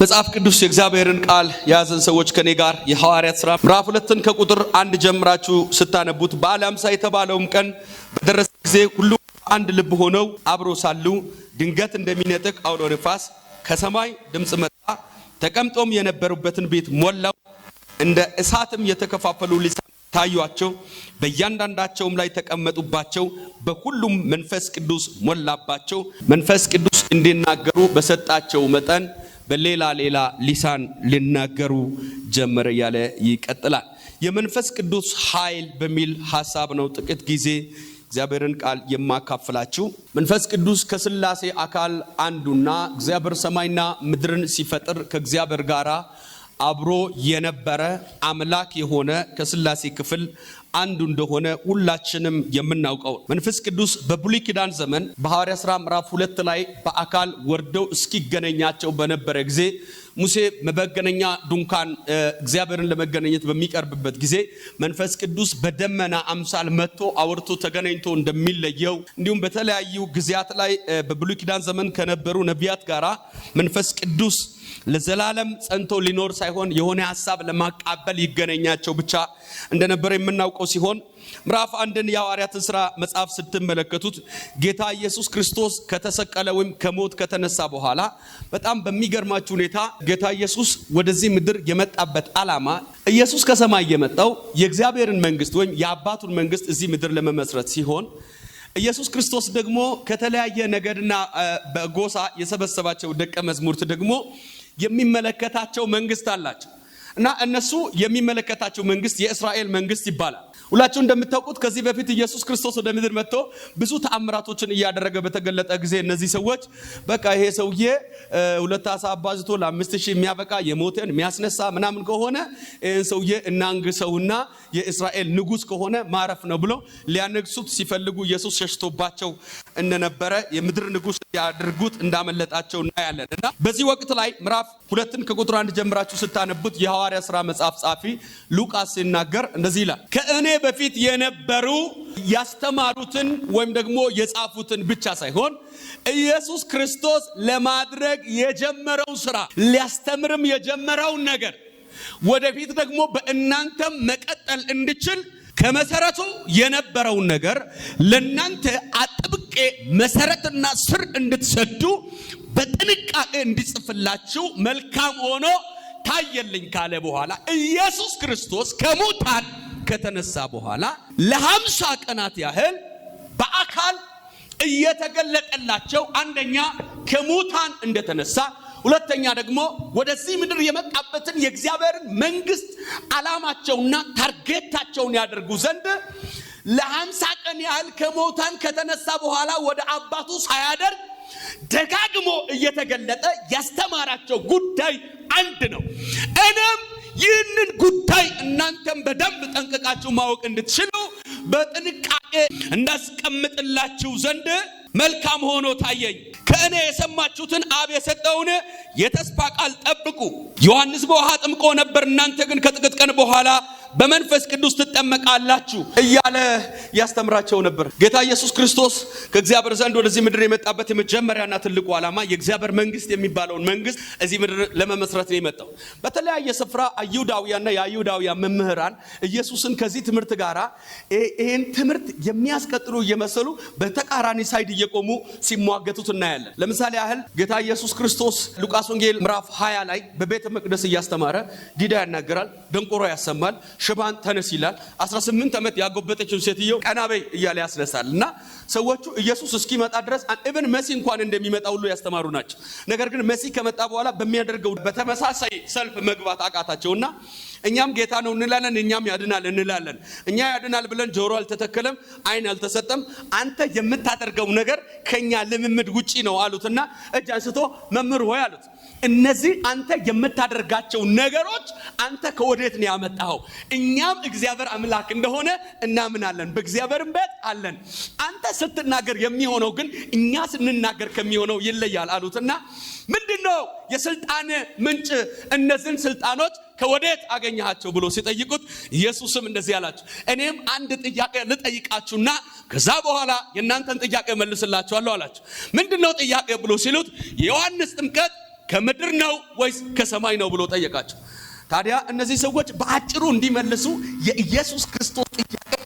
መጽሐፍ ቅዱስ የእግዚአብሔርን ቃል የያዘን ሰዎች ከኔ ጋር የሐዋርያት ሥራ ምዕራፍ ሁለትን ከቁጥር አንድ ጀምራችሁ ስታነቡት በዓለ ሃምሳ የተባለውም ቀን በደረሰ ጊዜ ሁሉ አንድ ልብ ሆነው አብሮ ሳሉ ድንገት እንደሚነጥቅ አውሎ ነፋስ ከሰማይ ድምፅ መጣ። ተቀምጦም የነበሩበትን ቤት ሞላው። እንደ እሳትም የተከፋፈሉ ልሳን ታዩአቸው፣ በእያንዳንዳቸውም ላይ ተቀመጡባቸው። በሁሉም መንፈስ ቅዱስ ሞላባቸው፣ መንፈስ ቅዱስ እንዲናገሩ በሰጣቸው መጠን በሌላ ሌላ ሊሳን ሊናገሩ ጀመረ እያለ ይቀጥላል። የመንፈስ ቅዱስ ኃይል በሚል ሀሳብ ነው ጥቂት ጊዜ እግዚአብሔርን ቃል የማካፍላችሁ። መንፈስ ቅዱስ ከሥላሴ አካል አንዱና እግዚአብሔር ሰማይና ምድርን ሲፈጥር ከእግዚአብሔር ጋራ አብሮ የነበረ አምላክ የሆነ ከስላሴ ክፍል አንዱ እንደሆነ ሁላችንም የምናውቀው መንፈስ ቅዱስ በብሉይ ኪዳን ዘመን በሐዋርያ ሥራ ምዕራፍ ሁለት ላይ በአካል ወርደው እስኪገናኛቸው በነበረ ጊዜ ሙሴ መገናኛ ድንኳን እግዚአብሔርን ለመገናኘት በሚቀርብበት ጊዜ መንፈስ ቅዱስ በደመና አምሳል መጥቶ አውርቶ ተገናኝቶ እንደሚለየው እንዲሁም በተለያዩ ጊዜያት ላይ በብሉይ ኪዳን ዘመን ከነበሩ ነቢያት ጋራ መንፈስ ቅዱስ ለዘላለም ጸንቶ ሊኖር ሳይሆን የሆነ ሀሳብ ለማቃበል ይገናኛቸው ብቻ እንደነበረ የምናውቀው ሲሆን ምራፍ አንድን የሐዋርያትን ሥራ መጽሐፍ ስትመለከቱት ጌታ ኢየሱስ ክርስቶስ ከተሰቀለ ወይም ከሞት ከተነሳ በኋላ በጣም በሚገርማችሁ ሁኔታ ጌታ ኢየሱስ ወደዚህ ምድር የመጣበት ዓላማ ኢየሱስ ከሰማይ የመጣው የእግዚአብሔርን መንግስት ወይም የአባቱን መንግስት እዚህ ምድር ለመመስረት ሲሆን ኢየሱስ ክርስቶስ ደግሞ ከተለያየ ነገድና በጎሳ የሰበሰባቸው ደቀ መዝሙርት ደግሞ የሚመለከታቸው መንግስት አላቸው። እና እነሱ የሚመለከታቸው መንግስት የእስራኤል መንግስት ይባላል። ሁላችሁ እንደምታውቁት ከዚህ በፊት ኢየሱስ ክርስቶስ ወደ ምድር መጥቶ ብዙ ተአምራቶችን እያደረገ በተገለጠ ጊዜ እነዚህ ሰዎች በቃ ይሄ ሰውዬ ሁለት አሳ አባዝቶ ለአምስት ሺህ የሚያበቃ የሞተን የሚያስነሳ ምናምን ከሆነ ይህን ሰውዬ እናንግሰውና የእስራኤል ንጉስ ከሆነ ማረፍ ነው ብሎ ሊያነግሱት ሲፈልጉ ኢየሱስ ሸሽቶባቸው እንደነበረ የምድር ንጉስ ያድርጉት እንዳመለጣቸው እናያለን እና በዚህ ወቅት ላይ ምዕራፍ ሁለትን ከቁጥር አንድ ጀምራችሁ ስታነቡት የሐዋ የሐዋርያ ሥራ መጽሐፍ ጻፊ ሉቃስ ሲናገር እንደዚህ ይላል፣ ከእኔ በፊት የነበሩ ያስተማሩትን ወይም ደግሞ የጻፉትን ብቻ ሳይሆን ኢየሱስ ክርስቶስ ለማድረግ የጀመረው ሥራ ሊያስተምርም የጀመረውን ነገር ወደፊት ደግሞ በእናንተም መቀጠል እንድችል ከመሰረቱ የነበረውን ነገር ለእናንተ አጥብቄ መሰረትና ስር እንድትሰዱ በጥንቃቄ እንዲጽፍላችሁ መልካም ሆኖ ታየልኝ ካለ በኋላ ኢየሱስ ክርስቶስ ከሙታን ከተነሳ በኋላ ለሀምሳ ቀናት ያህል በአካል እየተገለጠላቸው አንደኛ ከሙታን እንደተነሳ ሁለተኛ ደግሞ ወደዚህ ምድር የመጣበትን የእግዚአብሔርን መንግስት ዓላማቸውና ታርጌታቸውን ያደርጉ ዘንድ ለሃምሳ ቀን ያህል ከሙታን ከተነሳ በኋላ ወደ አባቱ ሳያደርግ ደጋግሞ እየተገለጠ ያስተማራቸው ጉዳይ አንድ ነው። እኔም ይህንን ጉዳይ እናንተም በደንብ ጠንቅቃችሁ ማወቅ እንድትችሉ በጥንቃቄ እንዳስቀምጥላችሁ ዘንድ መልካም ሆኖ ታየኝ። ከእኔ የሰማችሁትን አብ የሰጠውን የተስፋ ቃል ጠብቁ። ዮሐንስ በውሃ ጥምቆ ነበር፣ እናንተ ግን ከጥቂት ቀን በኋላ በመንፈስ ቅዱስ ትጠመቃላችሁ እያለ ያስተምራቸው ነበር። ጌታ ኢየሱስ ክርስቶስ ከእግዚአብሔር ዘንድ ወደዚህ ምድር የመጣበት የመጀመሪያና ትልቁ ዓላማ የእግዚአብሔር መንግስት የሚባለውን መንግስት እዚህ ምድር ለመመስረት ነው የመጣው። በተለያየ ስፍራ አይሁዳውያንና የአይሁዳውያን መምህራን ኢየሱስን ከዚህ ትምህርት ጋር ይህን ትምህርት የሚያስቀጥሉ እየመሰሉ በተቃራኒ ሳይድ እየቆሙ ሲሟገቱት እናያለን። ለምሳሌ ያህል ጌታ ኢየሱስ ክርስቶስ ሉቃስ ወንጌል ምዕራፍ 20 ላይ በቤተ መቅደስ እያስተማረ ዲዳ ያናገራል፣ ደንቆሮ ያሰማል ሽባን ተነስ ይላል። 18 ዓመት ያጎበጠችው ሴትየው ቀናበይ እያለ ያስነሳል። እና ሰዎቹ ኢየሱስ እስኪመጣ ድረስ እብን መሲ እንኳን እንደሚመጣ ሁሉ ያስተማሩ ናቸው። ነገር ግን መሲህ ከመጣ በኋላ በሚያደርገው በተመሳሳይ ሰልፍ መግባት አቃታቸውና እኛም ጌታ ነው እንላለን፣ እኛም ያድናል እንላለን። እኛ ያድናል ብለን ጆሮ አልተተከለም፣ አይን አልተሰጠም። አንተ የምታደርገው ነገር ከኛ ልምምድ ውጪ ነው አሉትና እጅ አንስቶ መምህር ሆይ አሉት። እነዚህ አንተ የምታደርጋቸው ነገሮች አንተ ከወዴት ነው ያመጣኸው? እኛም እግዚአብሔር አምላክ እንደሆነ እናምናለን፣ በእግዚአብሔር ቤት አለን። አንተ ስትናገር የሚሆነው ግን እኛ ስንናገር ከሚሆነው ይለያል አሉትና ምንድን ነው የስልጣን ምንጭ እነዚህን ስልጣኖች ከወዴት አገኘሃቸው ብሎ ሲጠይቁት ኢየሱስም እንደዚህ አላቸው፣ እኔም አንድ ጥያቄ ልጠይቃችሁና ከዛ በኋላ የእናንተን ጥያቄ መልስላችኋለሁ አላቸው። ምንድነው ጥያቄ ብሎ ሲሉት የዮሐንስ ጥምቀት ከምድር ነው ወይስ ከሰማይ ነው ብሎ ጠየቃቸው። ታዲያ እነዚህ ሰዎች በአጭሩ እንዲመልሱ የኢየሱስ ክርስቶስ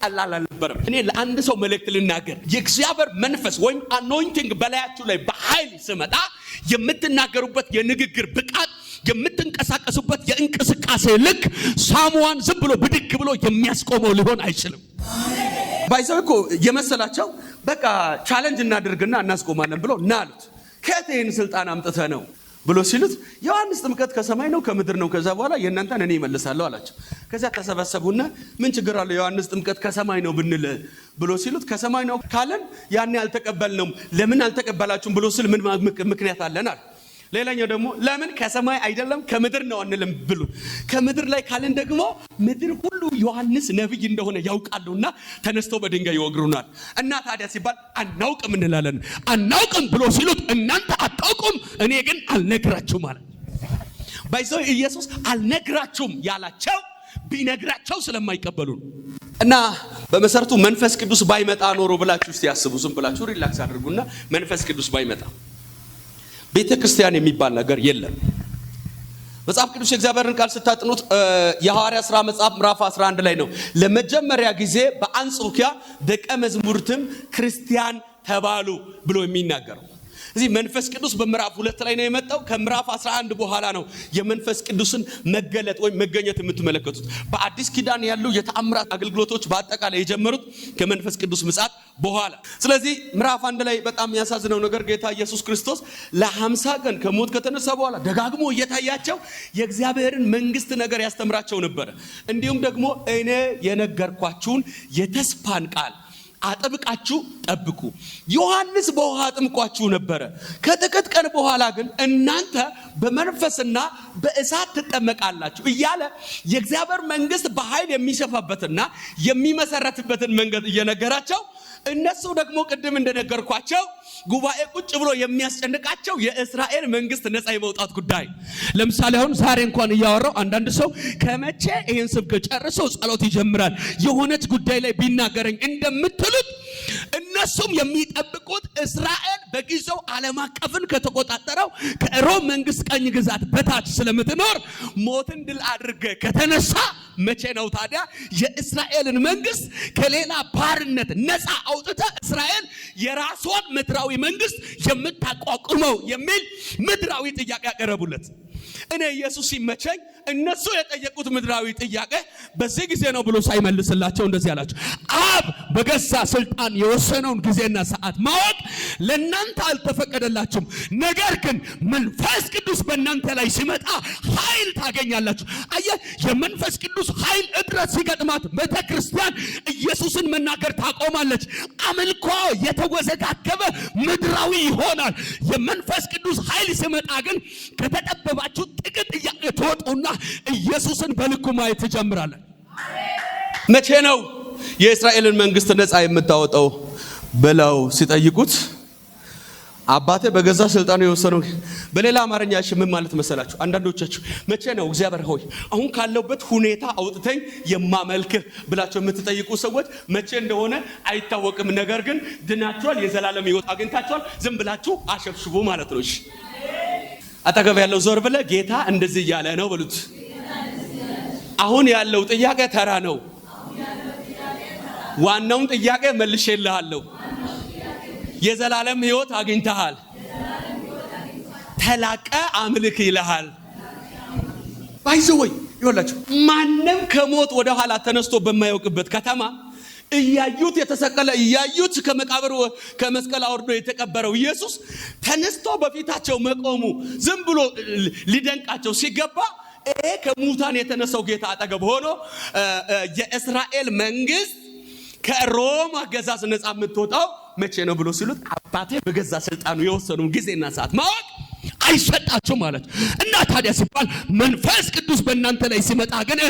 ቀላል አልነበረም። እኔ ለአንድ ሰው መልእክት ልናገር፣ የእግዚአብሔር መንፈስ ወይም አኖይንቲንግ በላያችሁ ላይ በኃይል ስመጣ የምትናገሩበት የንግግር ብቃት የምትንቀሳቀሱበት የእንቅስቃሴ ልክ ሳሙዋን ዝም ብሎ ብድግ ብሎ የሚያስቆመው ሊሆን አይችልም። ባይዘው እኮ የመሰላቸው በቃ ቻለንጅ እናደርግና እናስቆማለን ብሎ ና አሉት። ከየት ይህን ስልጣን አምጥተ ነው ብሎ ሲሉት ዮሐንስ ጥምቀት ከሰማይ ነው ከምድር ነው፣ ከዛ በኋላ የእናንተን እኔ ይመልሳለሁ አላቸው። ከዚያ ተሰበሰቡና ምን ችግር አለው ዮሐንስ ጥምቀት ከሰማይ ነው ብንል ብሎ ሲሉት ከሰማይ ነው ካለን ያኔ አልተቀበልነውም። ለምን አልተቀበላችሁም ብሎ ስል ምን ምክንያት አለናል? ሌላኛው ደግሞ ለምን ከሰማይ አይደለም ከምድር ነው አንልም ብሉ። ከምድር ላይ ካለን ደግሞ ምድር ሁሉ ዮሐንስ ነቢይ እንደሆነ ያውቃሉና ተነስተው በድንጋይ ይወግሩናል። እና ታዲያ ሲባል አናውቅም እንላለን። አናውቅም ብሎ ሲሉት እናንተ አታውቁም፣ እኔ ግን አልነግራችሁም አለ። ባይዘው ኢየሱስ አልነግራችሁም ያላቸው ቢነግራቸው ስለማይቀበሉ ነው። እና በመሰረቱ መንፈስ ቅዱስ ባይመጣ ኖሮ ብላችሁ እስቲ ያስቡ። ዝም ብላችሁ ሪላክስ አድርጉና መንፈስ ቅዱስ ባይመጣ ቤተ ክርስቲያን የሚባል ነገር የለም። መጽሐፍ ቅዱስ የእግዚአብሔርን ቃል ስታጥኑት የሐዋርያ ሥራ መጽሐፍ ምዕራፍ 11 ላይ ነው ለመጀመሪያ ጊዜ በአንጾኪያ ደቀ መዝሙርትም ክርስቲያን ተባሉ ብሎ የሚናገረው እዚህ መንፈስ ቅዱስ በምዕራፍ ሁለት ላይ ነው የመጣው። ከምዕራፍ 11 በኋላ ነው የመንፈስ ቅዱስን መገለጥ ወይም መገኘት የምትመለከቱት። በአዲስ ኪዳን ያሉ የተአምራት አገልግሎቶች በአጠቃላይ የጀመሩት ከመንፈስ ቅዱስ ምጽአት በኋላ። ስለዚህ ምዕራፍ አንድ ላይ በጣም የሚያሳዝነው ነገር ጌታ ኢየሱስ ክርስቶስ ለሀምሳ ቀን ከሞት ከተነሳ በኋላ ደጋግሞ እየታያቸው የእግዚአብሔርን መንግስት ነገር ያስተምራቸው ነበረ። እንዲሁም ደግሞ እኔ የነገርኳችሁን የተስፋን ቃል አጥብቃችሁ ጠብቁ። ዮሐንስ በውሃ አጥምቋችሁ ነበረ። ከጥቂት ቀን በኋላ ግን እናንተ በመንፈስና በእሳት ትጠመቃላችሁ እያለ የእግዚአብሔር መንግስት በኃይል የሚሰፋበትና የሚመሰረትበትን መንገድ እየነገራቸው እነሱ ደግሞ ቅድም እንደነገርኳቸው ጉባኤ ቁጭ ብሎ የሚያስጨንቃቸው የእስራኤል መንግስት ነፃ የመውጣት ጉዳይ። ለምሳሌ አሁን ዛሬ እንኳን እያወራው አንዳንድ ሰው ከመቼ ይህን ስብከት ጨርሰው ጸሎት ይጀምራል የሆነች ጉዳይ ላይ ቢናገረኝ እንደምትሉት እነሱም የሚጠብቁት እስራኤል በጊዜው ዓለም አቀፍን ከተቆጣጠረው ከሮም መንግስት ቀኝ ግዛት በታች ስለምትኖር ሞትን ድል አድርገ ከተነሳ መቼ ነው ታዲያ የእስራኤልን መንግስት ከሌላ ባርነት ነፃ አውጥተ እስራኤል የራሷን ምድራዊ መንግስት የምታቋቁመው የሚል ምድራዊ ጥያቄ ያቀረቡለት እኔ ኢየሱስ ሲመቸኝ እነሱ የጠየቁት ምድራዊ ጥያቄ በዚህ ጊዜ ነው ብሎ ሳይመልስላቸው እንደዚህ አላቸው። አብ በገዛ ስልጣን የወሰነውን ጊዜና ሰዓት ማወቅ ለእናንተ አልተፈቀደላችሁም። ነገር ግን መንፈስ ቅዱስ በእናንተ ላይ ሲመጣ ኃይል ታገኛላችሁ። አየ የመንፈስ ቅዱስ ኃይል እጥረት ሲገጥማት ቤተ ክርስቲያን ኢየሱስን መናገር ታቆማለች። አምልኮ የተወዘጋገበ ምድራዊ ይሆናል። የመንፈስ ቅዱስ ኃይል ሲመጣ ግን ከተጠበባችሁ ጥቅጥ ጥያቄ ትወጡና ኢየሱስን በልኩ ማየት ትጀምራለን። መቼ ነው የእስራኤልን መንግስት ነፃ የምታወጣው ብለው ሲጠይቁት አባቴ በገዛ ስልጣኑ የወሰነው። በሌላ አማርኛ እሺ ምን ማለት መሰላችሁ? አንዳንዶቻችሁ መቼ ነው እግዚአብሔር ሆይ አሁን ካለውበት ሁኔታ አውጥተኝ የማመልክህ ብላቸው የምትጠይቁ ሰዎች መቼ እንደሆነ አይታወቅም። ነገር ግን ድናችኋል፣ የዘላለም ሕይወት አግኝታችኋል። ዝም ብላችሁ አሸብሽቡ ማለት ነው። እሺ አጠገብ ያለው ዞር ብለ ጌታ እንደዚህ እያለ ነው በሉት። አሁን ያለው ጥያቄ ተራ ነው። ዋናውን ጥያቄ መልሼልሃለሁ። የዘላለም ሕይወት አግኝተሃል። ተላቀ አምልክ ይልሃል። ባይዘወይ ይወላችሁ ማንም ከሞት ወደ ኋላ ተነስቶ በማያውቅበት ከተማ እያዩት የተሰቀለ እያዩት ከመቃብር ከመስቀል አውርዶ የተቀበረው ኢየሱስ ተነስቶ በፊታቸው መቆሙ ዝም ብሎ ሊደንቃቸው ሲገባ ይሄ ከሙታን የተነሳው ጌታ አጠገብ ሆኖ የእስራኤል መንግስት ከሮም አገዛዝ ነፃ የምትወጣው መቼ ነው ብሎ ሲሉት አባቴ በገዛ ስልጣኑ የወሰኑ ጊዜና ሰዓት ማወቅ አይሰጣችሁ ማለት እና ታዲያ ሲባል መንፈስ ቅዱስ በእናንተ ላይ ሲመጣ ግን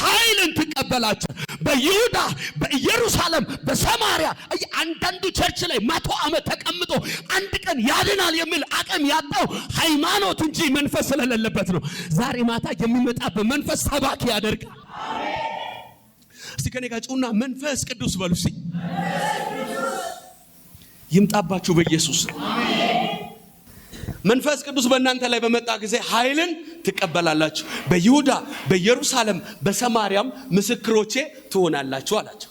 ኃይልን ትቀበላችሁ። በይሁዳ በኢየሩሳሌም በሰማሪያ አንዳንዱ ቸርች ላይ መቶ ዓመት ተቀምጦ አንድ ቀን ያድናል የሚል አቅም ያጣው ሃይማኖት እንጂ መንፈስ ስለሌለበት ነው። ዛሬ ማታ የሚመጣበት መንፈስ ሰባኪ ያደርጋል። እስቲ ከኔ ጋር ጩና መንፈስ ቅዱስ በሉ። ይምጣባችሁ በኢየሱስ መንፈስ ቅዱስ በእናንተ ላይ በመጣ ጊዜ ኃይልን ትቀበላላችሁ፣ በይሁዳ በኢየሩሳሌም በሰማርያም ምስክሮቼ ትሆናላችሁ አላቸው።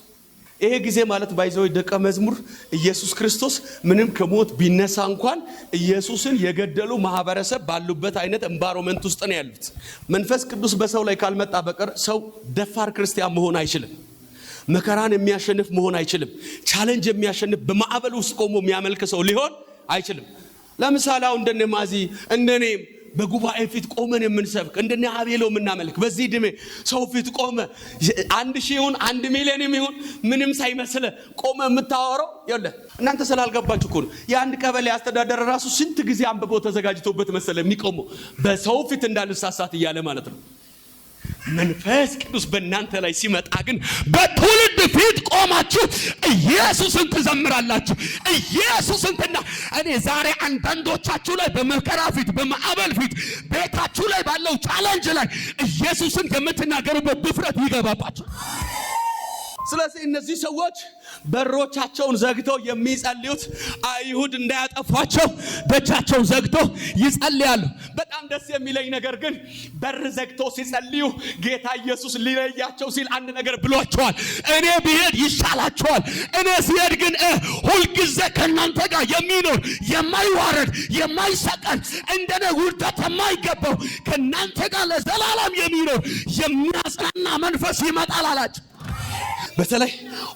ይሄ ጊዜ ማለት ባይዘው ደቀ መዝሙር ኢየሱስ ክርስቶስ ምንም ከሞት ቢነሳ እንኳን ኢየሱስን የገደሉ ማህበረሰብ ባሉበት አይነት ኤንቫይሮመንት ውስጥ ነው ያሉት። መንፈስ ቅዱስ በሰው ላይ ካልመጣ በቀር ሰው ደፋር ክርስቲያን መሆን አይችልም። መከራን የሚያሸንፍ መሆን አይችልም። ቻለንጅ የሚያሸንፍ በማዕበል ውስጥ ቆሞ የሚያመልክ ሰው ሊሆን አይችልም። ለምሳሌ አሁን እንደኔ ማዚ እንደኔ በጉባኤ ፊት ቆመን የምንሰብክ እንደኔ አቤሎ የምናመልክ በዚህ ድሜ ሰው ፊት ቆመ አንድ ሺህ ይሁን አንድ ሚሊዮንም ይሁን ምንም ሳይመስለ ቆመ የምታወራው የለ። እናንተ ስላልገባችሁ እኮ ነው። የአንድ ቀበሌ አስተዳደር ራሱ ስንት ጊዜ አንብቦ ተዘጋጅቶበት መሰለ የሚቆመው በሰው ፊት እንዳልሳሳት እያለ ማለት ነው። መንፈስ ቅዱስ በእናንተ ላይ ሲመጣ ግን በትውልድ ፊት ቆማችሁ ኢየሱስን ትዘምራላችሁ። ኢየሱስን ትና እኔ ዛሬ አንዳንዶቻችሁ ላይ በመከራ ፊት፣ በማዕበል ፊት፣ ቤታችሁ ላይ ባለው ቻለንጅ ላይ ኢየሱስን የምትናገሩበት ድፍረት ይገባባችሁ። ስለዚህ እነዚህ ሰዎች በሮቻቸውን ዘግተው የሚጸልዩት አይሁድ እንዳያጠፏቸው ደጃቸውን ዘግተው ይጸልያሉ። በጣም ደስ የሚለኝ ነገር ግን በር ዘግተው ሲጸልዩ ጌታ ኢየሱስ ሊለያቸው ሲል አንድ ነገር ብሏቸዋል። እኔ ብሄድ ይሻላቸዋል። እኔ ሲሄድ ግን ሁልጊዜ ከእናንተ ጋር የሚኖር የማይዋረድ የማይሰቀን እንደነ ውርደት የማይገባው ከእናንተ ጋር ለዘላለም የሚኖር የሚያጽናና መንፈስ ይመጣል አላቸው። በተለይ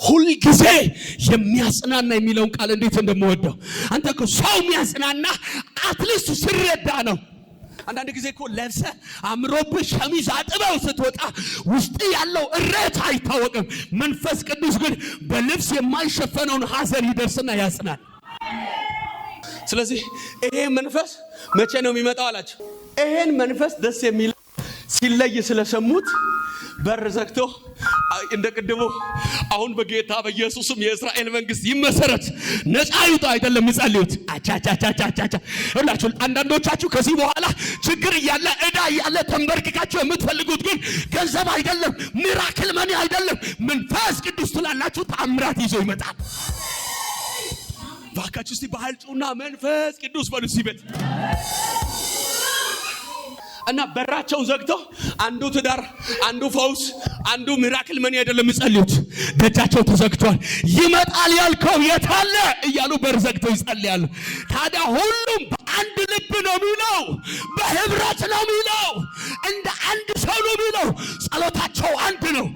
ሁልጊዜ የሚያጽናና የሚለውን ቃል እንዴት እንደምወደው። አንተ እኮ ሰው የሚያጽናና አትሊስት ስረዳ ነው። አንዳንድ ጊዜ እኮ ለብሰ አምሮብህ ሸሚዝ አጥበው ስትወጣ ውስጥ ያለው እረት አይታወቅም። መንፈስ ቅዱስ ግን በልብስ የማይሸፈነውን ሀዘን ይደርስና ያጽናል። ስለዚህ ይሄ መንፈስ መቼ ነው የሚመጣው አላቸው። ይሄን መንፈስ ደስ የሚለው ሲለይ ስለሰሙት በር ዘግቶ እንደ ቅድሙ አሁን በጌታ በኢየሱስም የእስራኤል መንግስት ይመሰረት ነፃ ይውጣ አይደለም የሚጸልዩት። አቻቻቻቻቻ ሁላችሁ አንዳንዶቻችሁ ከዚህ በኋላ ችግር እያለ እዳ እያለ ተንበርክካችሁ የምትፈልጉት ግን ገንዘብ አይደለም፣ ሚራክል መኒ አይደለም፣ መንፈስ ቅዱስ ትላላችሁ። ተአምራት ይዞ ይመጣል። ባካችሁ እስቲ ባህል ጩና መንፈስ ቅዱስ በሉ ሲበት እና በራቸውን ዘግተው አንዱ ትዳር፣ አንዱ ፈውስ፣ አንዱ ሚራክል መን አይደለም የሚጸልዩት። ደጃቸው ተዘግቷል። ይመጣል ያልከው የታለ እያሉ በር ዘግተው ይጸልያሉ። ታዲያ ሁሉም በአንድ ልብ ነው የሚለው፣ በህብረት ነው የሚለው፣ እንደ አንድ ሰው ነው የሚለው። ጸሎታቸው አንድ ነው።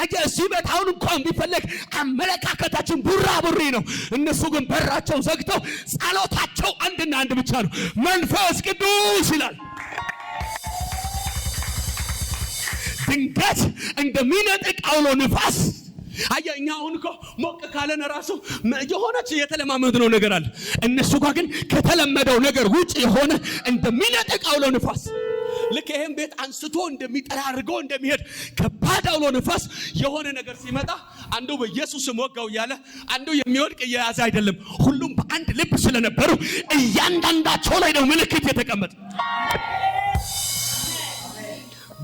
አየ እዚህ አሁን እንኳን ቢፈለግ አመለካከታችን ቡራ ቡሪ ነው። እነሱ ግን በራቸው ዘግተው ጸሎታቸው አንድና አንድ ብቻ ነው። መንፈስ ቅዱስ ይላል ድንገት እንደሚነጥቅ አውሎ ንፋስ አየህ እኛ አሁን እኮ ሞቅ ካለን ራሱ የሆነች ነው ነገር አለ። እነሱ ጋር ግን ከተለመደው ነገር ውጭ የሆነ እንደሚነጥቅ አውሎ ንፋስ ልክ ይህም ቤት አንስቶ እንደሚጠራርጎ እንደሚሄድ ከባድ አውሎ ንፋስ የሆነ ነገር ሲመጣ አንዱ በኢየሱስም ወጋው እያለ አንዱ የሚወድቅ እየያዘ አይደለም። ሁሉም በአንድ ልብ ስለነበሩ እያንዳንዳቸው ላይ ነው ምልክት የተቀመጠ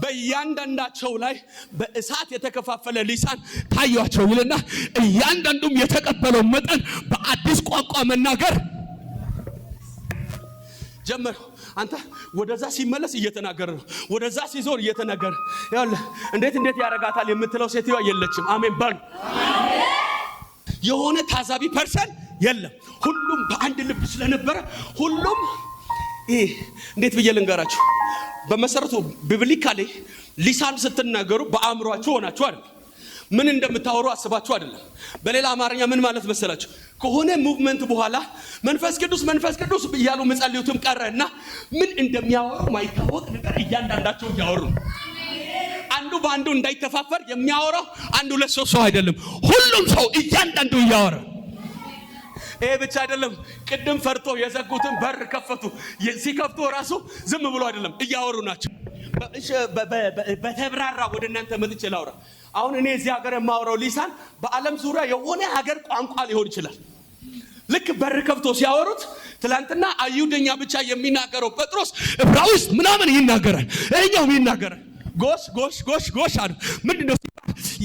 በእያንዳንዳቸው ላይ በእሳት የተከፋፈለ ሊሳን ታያቸው ይልና እያንዳንዱም የተቀበለው መጠን በአዲስ ቋንቋ መናገር ጀመረ። አንተ ወደዛ ሲመለስ እየተናገረ ነው፣ ወደዛ ሲዞር እየተናገረ ያለ እንዴት እንዴት ያረጋታል የምትለው ሴትዮዋ የለችም። አሜን በሉ። የሆነ ታዛቢ ፐርሰን የለም። ሁሉም በአንድ ልብ ስለነበረ ሁሉም ይህ እንዴት ብዬ ልንገራችሁ? በመሰረቱ ቢብሊካሊ ሊሳን ስትናገሩ በአእምሯችሁ ሆናችሁ አይደለም። ምን እንደምታወሩ አስባችሁ አይደለም። በሌላ አማርኛ ምን ማለት መሰላችሁ? ከሆነ ሙቭመንት በኋላ መንፈስ ቅዱስ መንፈስ ቅዱስ እያሉ መጸልዩትም ቀረ እና ምን እንደሚያወሩ ማይታወቅ ነገር እያንዳንዳቸው እያወሩ አንዱ በአንዱ እንዳይተፋፈር የሚያወራው አንዱ ለሶ ሰው አይደለም፣ ሁሉም ሰው እያንዳንዱ እያወራ ይሄ ብቻ አይደለም። ቅድም ፈርቶ የዘጉትን በር ከፈቱ። ሲከፍቱ ራሱ ዝም ብሎ አይደለም እያወሩ ናቸው። በተብራራ ወደ እናንተ መጥቼ ላውራ። አሁን እኔ እዚህ ሀገር የማውረው ሊሳን በዓለም ዙሪያ የሆነ ሀገር ቋንቋ ሊሆን ይችላል። ልክ በር ከፍቶ ሲያወሩት ትላንትና አይሁደኛ ብቻ የሚናገረው ጴጥሮስ ዕብራይስጥ ምናምን ይናገራል፣ ይኛውም ይናገራል። ጎሽ ጎሽ ጎሽ ጎሽ አሉ። ምንድን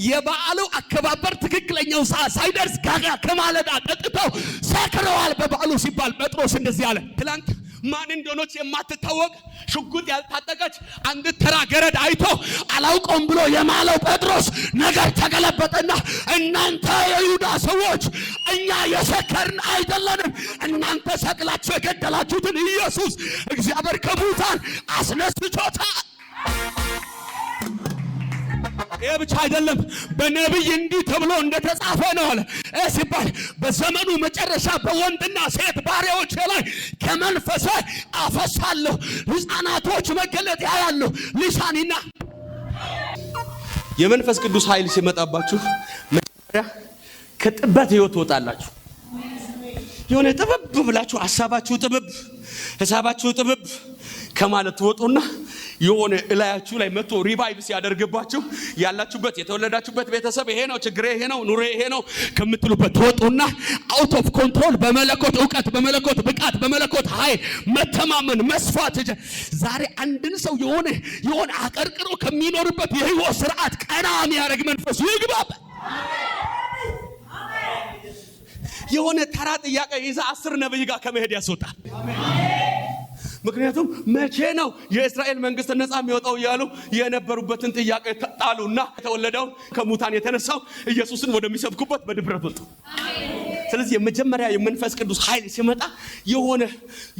የበዓሉ አከባበር ትክክለኛው ሰዓት ሳይደርስ ጋጋ ከማለዳ ጠጥተው ሰክረዋል። በበዓሉ ሲባል ጴጥሮስ እንደዚህ አለ። ትላንት ማን እንደሆነች የማትታወቅ ሽጉጥ ያልታጠቀች አንድ ተራ ገረድ አይቶ አላውቀውም ብሎ የማለው ጴጥሮስ ነገር ተገለበጠና፣ እናንተ የይሁዳ ሰዎች እኛ የሰከርን አይደለንም፣ እናንተ ሰቅላችሁ የገደላችሁትን ኢየሱስ እግዚአብሔር ከሙታን አስነስቶታል። ይህ ብቻ አይደለም። በነቢይ እንዲህ ተብሎ እንደተጻፈ ነው አለ ሲባል በዘመኑ መጨረሻ በወንድና ሴት ባሪያዎች ላይ ከመንፈሴ አፈሳለሁ፣ ሕፃናቶች መገለጥ ያያሉ። ልሳኒና የመንፈስ ቅዱስ ኃይል ሲመጣባችሁ መጀመሪያ ከጥበት ህይወት ትወጣላችሁ። የሆነ ጥብብ ብላችሁ ሀሳባችሁ ጥብብ፣ ሂሳባችሁ ጥብብ ከማለት ትወጡና የሆነ እላያችሁ ላይ መቶ ሪቫይቭ ሲያደርግባችሁ ያላችሁበት የተወለዳችሁበት ቤተሰብ ይሄ ነው፣ ችግር ይሄ ነው፣ ኑሮ ይሄ ነው ከምትሉበት ትወጡና አውት ኦፍ ኮንትሮል በመለኮት እውቀት፣ በመለኮት ብቃት፣ በመለኮት ኃይል መተማመን መስፋት። ዛሬ አንድን ሰው የሆነ የሆነ አቀርቅሮ ከሚኖርበት የህይወት ስርዓት ቀና የሚያደርግ መንፈሱ ይግባብ። የሆነ ተራ ጥያቄ ይዛ አስር ነብይ ጋር ከመሄድ ያስወጣል። ምክንያቱም መቼ ነው የእስራኤል መንግስት ነፃ የሚወጣው እያሉ የነበሩበትን ጥያቄ ጣሉና የተወለደውን ከሙታን የተነሳው ኢየሱስን ወደሚሰብኩበት በድፍረት ወጡ። ስለዚህ የመጀመሪያ የመንፈስ ቅዱስ ኃይል ሲመጣ የሆነ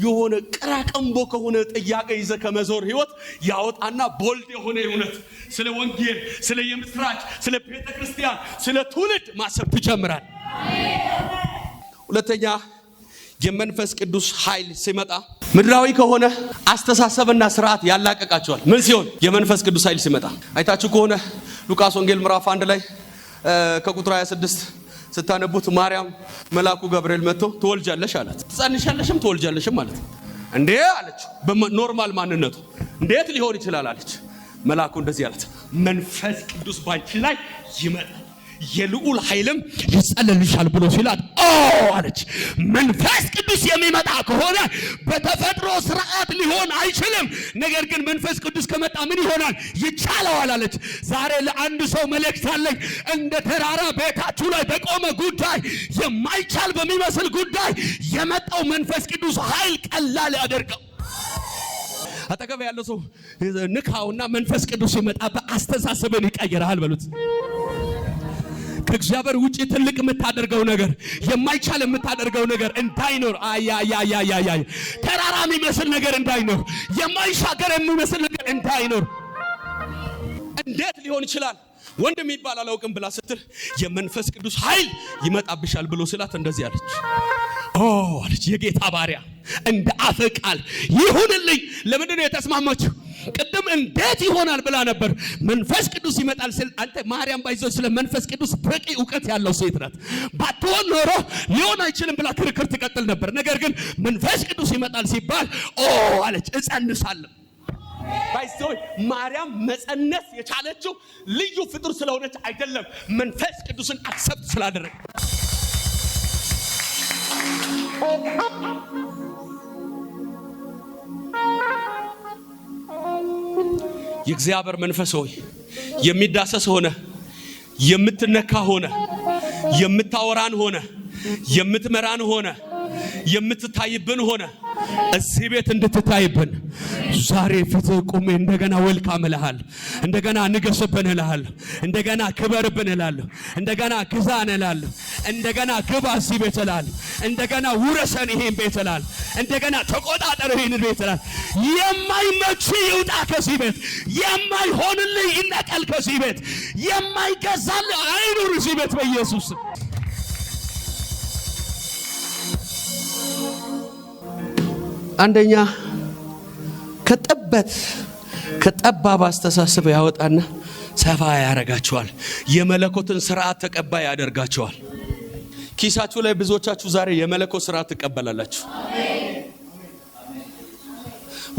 የሆነ ቅራቅንቦ ከሆነ ጥያቄ ይዘ ከመዞር ህይወት ያወጣና ቦልድ የሆነ እውነት ስለ ወንጌል፣ ስለ የምስራች፣ ስለ ቤተ ክርስቲያን፣ ስለ ትውልድ ማሰብ ትጀምራል። ሁለተኛ የመንፈስ ቅዱስ ኃይል ሲመጣ ምድራዊ ከሆነ አስተሳሰብና ስርዓት ያላቀቃቸዋል። ምን ሲሆን የመንፈስ ቅዱስ ኃይል ሲመጣ አይታችሁ ከሆነ ሉቃስ ወንጌል ምዕራፍ አንድ ላይ ከቁጥር 26 ስታነቡት ማርያም መልአኩ ገብርኤል መጥቶ ትወልጃለሽ አላት። ትጸንሻለሽም ትወልጃለሽም ማለት እንዴ አለች። በኖርማል ማንነቱ እንዴት ሊሆን ይችላል አለች። መልአኩ እንደዚህ አላት፣ መንፈስ ቅዱስ ባንቺ ላይ ይመጣል የልዑል ኃይልም ይጸልልሻል ብሎ ሲላት ኦ አለች። መንፈስ ቅዱስ የሚመጣ ከሆነ በተፈጥሮ ስርዓት ሊሆን አይችልም። ነገር ግን መንፈስ ቅዱስ ከመጣ ምን ይሆናል? ይቻለዋል አለች። ዛሬ ለአንድ ሰው መልእክት አለኝ። እንደ ተራራ ቤታችሁ ላይ በቆመ ጉዳይ፣ የማይቻል በሚመስል ጉዳይ የመጣው መንፈስ ቅዱስ ኃይል ቀላል ያደርገው። አጠገብ ያለው ሰው ንካውና መንፈስ ቅዱስ ይመጣ በአስተሳሰብን ይቀይረሃል በሉት። ከእግዚአብሔር ውጪ ትልቅ የምታደርገው ነገር የማይቻል የምታደርገው ነገር እንዳይኖር አያያያያያ ተራራ የሚመስል ነገር እንዳይኖር የማይሻገር የሚመስል ነገር እንዳይኖር እንዴት ሊሆን ይችላል? ወንድም ይባል አላውቅም ብላ ስትል የመንፈስ ቅዱስ ኃይል ይመጣብሻል ብሎ ስላት እንደዚህ አለች። ኦ አለች የጌታ ባሪያ እንደ አፈ ቃል ይሁንልኝ። ለምንድን ነው የተስማማችሁ? ቅድም እንዴት ይሆናል ብላ ነበር። መንፈስ ቅዱስ ይመጣል ስል አንተ ማርያም ባይዞ ስለ መንፈስ ቅዱስ በቂ እውቀት ያለው ሴት ናት። ባትሆን ኖሮ ሊሆን አይችልም ብላ ክርክር ትቀጥል ነበር። ነገር ግን መንፈስ ቅዱስ ይመጣል ሲባል ኦ አለች እጸንሳለሁ። ባይዞ ማርያም መጸነስ የቻለችው ልዩ ፍጡር ስለሆነች አይደለም፣ መንፈስ ቅዱስን አክሰብት ስላደረገ የእግዚአብሔር መንፈስ ሆይ የሚዳሰስ ሆነ፣ የምትነካ ሆነ፣ የምታወራን ሆነ፣ የምትመራን ሆነ፣ የምትታይብን ሆነ እዚህ ቤት እንድትታይብን ዛሬ ፊትህ ቁሜ እንደገና ወልካም እልሃል፣ እንደገና ንገስብን እልሃል፣ እንደገና ክበርብን እልሃል፣ እንደገና ግዛን እልሃል፣ እንደገና ግባ እዚህ ቤት እልሃል፣ እንደገና ውረሰን ይሄን ቤት እልሃል፣ እንደገና ተቆጣጠር ይሄን ቤት እልሃል። የማይመች ይውጣ ከዚህ ቤት፣ የማይሆንልህ ይነቀል ከዚህ ቤት፣ የማይገዛልህ አይኑር እዚህ ቤት በኢየሱስ አንደኛ ከጠበት ከጠባብ አስተሳሰብ ያወጣና ሰፋ ያደርጋቸዋል። የመለኮትን ስርዓት ተቀባይ ያደርጋቸዋል። ኪሳችሁ ላይ ብዙዎቻችሁ ዛሬ የመለኮት ስርዓት ትቀበላላችሁ።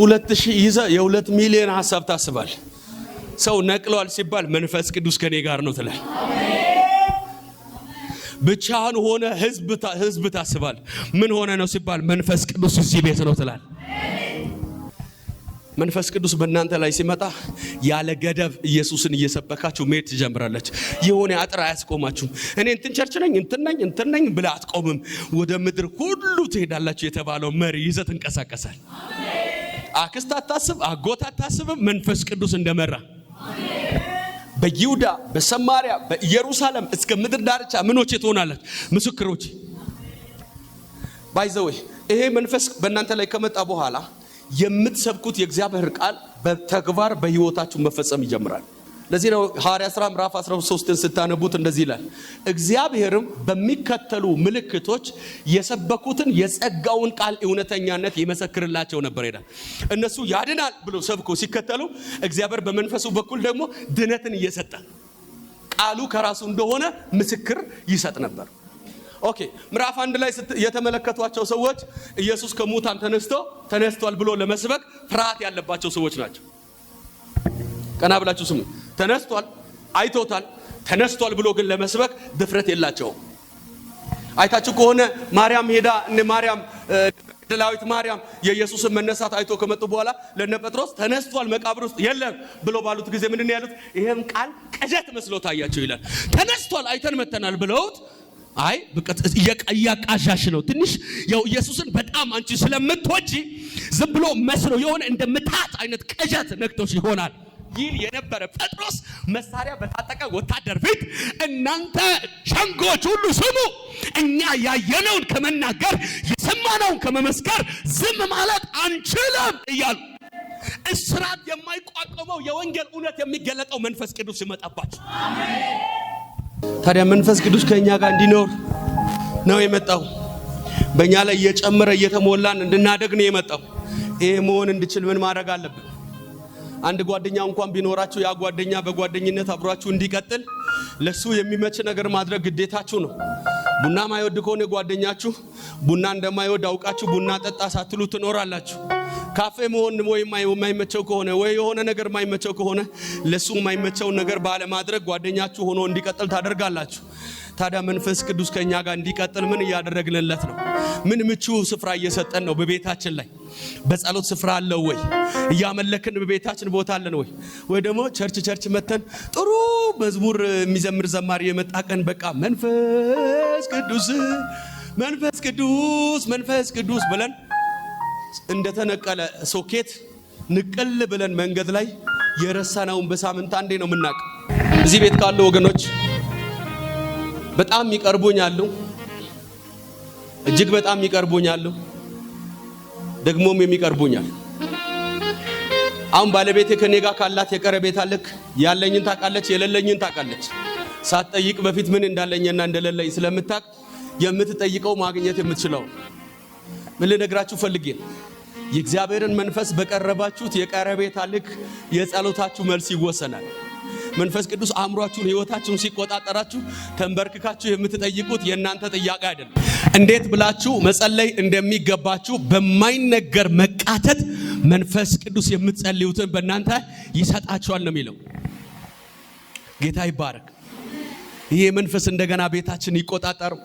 ሁለት ሺህ ይዘህ የሁለት ሚሊዮን ሀሳብ ታስባል። ሰው ነቅለዋል ሲባል መንፈስ ቅዱስ ከኔ ጋር ነው ትላል። ብቻህን ሆነ ህዝብ ታስባል። ምን ሆነ ነው ሲባል መንፈስ ቅዱስ እዚህ ቤት ነው ትላል። መንፈስ ቅዱስ በእናንተ ላይ ሲመጣ ያለ ገደብ ኢየሱስን እየሰበካችሁ መሄድ ትጀምራለች። የሆነ አጥር አያስቆማችሁም። እኔ እንትን ቸርች ነኝ እንትን ነኝ እንትን ነኝ ብለህ አትቆምም። ወደ ምድር ሁሉ ትሄዳላችሁ የተባለው መሪ ይዘህ ትንቀሳቀሳል። አክስት አታስብ፣ አጎት አታስብም። መንፈስ ቅዱስ እንደመራ በይሁዳ በሰማሪያ በኢየሩሳሌም እስከ ምድር ዳርቻ ምኖቼ ትሆናለች ምስክሮች ባይዘዌ ይሄ መንፈስ በእናንተ ላይ ከመጣ በኋላ የምትሰብኩት የእግዚአብሔር ቃል በተግባር በህይወታችሁ መፈጸም ይጀምራል። ለዚህ ነው ሐዋርያ ሥራ ምዕራፍ 13ን ስታነቡት እንደዚህ ይላል፣ እግዚአብሔርም በሚከተሉ ምልክቶች የሰበኩትን የጸጋውን ቃል እውነተኛነት ይመሰክርላቸው ነበር ይላል። እነሱ ያድናል ብሎ ሰብኮ ሲከተሉ እግዚአብሔር በመንፈሱ በኩል ደግሞ ድነትን እየሰጠ ቃሉ ከራሱ እንደሆነ ምስክር ይሰጥ ነበር። ኦኬ ምዕራፍ አንድ ላይ የተመለከቷቸው ሰዎች ኢየሱስ ከሙታን ተነስቶ ተነስቷል ብሎ ለመስበክ ፍርሃት ያለባቸው ሰዎች ናቸው። ቀና ብላችሁ ስሙ። ተነስቷል፣ አይቶታል፣ ተነስቷል ብሎ ግን ለመስበክ ድፍረት የላቸውም። አይታችሁ ከሆነ ማርያም ሄዳ እነ ማርያም መግደላዊት ማርያም የኢየሱስን መነሳት አይቶ ከመጡ በኋላ ለነ ጴጥሮስ ተነስቷል፣ መቃብር ውስጥ የለም ብሎ ባሉት ጊዜ ምንድን ያሉት? ይህም ቃል ቅዠት መስሎ ታያቸው ይላል። ተነስቷል አይተን መተናል ብለውት አይ ብቀት እያቃዣሽ ነው ትንሽ ያው ኢየሱስን በጣም አንቺ ስለምትወጂ ዝም ብሎ መስሎ የሆነ እንደምታት አይነት ቅዠት ነግቶሽ ይሆናል። ይል የነበረ ጴጥሮስ መሳሪያ በታጠቀ ወታደር ፊት እናንተ ሸንጎች ሁሉ ስሙ፣ እኛ ያየነውን ከመናገር የሰማነውን ከመመስከር ዝም ማለት አንችልም እያሉ እስራት የማይቋቋመው የወንጌል እውነት የሚገለጠው መንፈስ ቅዱስ ይመጣባቸው። ታዲያ መንፈስ ቅዱስ ከእኛ ጋር እንዲኖር ነው የመጣው። በእኛ ላይ እየጨመረ እየተሞላን እንድናደግ ነው የመጣው። ይሄ መሆን እንድችል ምን ማድረግ አለብን? አንድ ጓደኛ እንኳን ቢኖራችሁ ያ ጓደኛ በጓደኝነት አብሯችሁ እንዲቀጥል ለሱ የሚመች ነገር ማድረግ ግዴታችሁ ነው። ቡና ማይወድ ከሆነ ጓደኛችሁ ቡና እንደማይወድ አውቃችሁ ቡና ጠጣ ሳትሉ ትኖራላችሁ። ካፌ መሆን ወይ የማይመቸው ከሆነ ወይ የሆነ ነገር የማይመቸው ከሆነ ለሱ የማይመቸውን ነገር ባለማድረግ ጓደኛችሁ ሆኖ እንዲቀጥል ታደርጋላችሁ። ታዲያ መንፈስ ቅዱስ ከእኛ ጋር እንዲቀጥል ምን እያደረግንለት ነው? ምን ምቹ ስፍራ እየሰጠን ነው በቤታችን ላይ በጸሎት ስፍራ አለው ወይ? እያመለክን በቤታችን ቦታ አለን ወይ? ወይ ደግሞ ቸርች ቸርች መተን ጥሩ መዝሙር የሚዘምር ዘማሪ የመጣ ቀን በቃ መንፈስ ቅዱስ መንፈስ ቅዱስ መንፈስ ቅዱስ ብለን እንደተነቀለ ሶኬት ንቅል ብለን መንገድ ላይ የረሳነውን በሳምንት አንዴ ነው የምናውቅ። እዚህ ቤት ካሉ ወገኖች በጣም ይቀርቡኛሉ፣ እጅግ በጣም ይቀርቡኛሉ። ደግሞም የሚቀርቡኛል። አሁን ባለቤቴ ከኔ ጋር ካላት የቀረቤታ ልክ ያለኝን ታውቃለች፣ የሌለኝን ታውቃለች። ሳትጠይቅ በፊት ምን እንዳለኝና እንደሌለኝ ስለምታውቅ የምትጠይቀው ማግኘት የምትችለው ምን ልነግራችሁ ፈልጌ የእግዚአብሔርን መንፈስ በቀረባችሁት የቀረቤታ ልክ የጸሎታችሁ መልስ ይወሰናል። መንፈስ ቅዱስ አእምሯችሁን፣ ህይወታችሁን ሲቆጣጠራችሁ ተንበርክካችሁ የምትጠይቁት የእናንተ ጥያቄ አይደለም። እንዴት ብላችሁ መጸለይ እንደሚገባችሁ በማይነገር መቃተት መንፈስ ቅዱስ የምትጸልዩትን በእናንተ ይሰጣችኋል ነው የሚለው። ጌታ ይባረክ። ይህ መንፈስ እንደገና ቤታችን ይቆጣጠረው።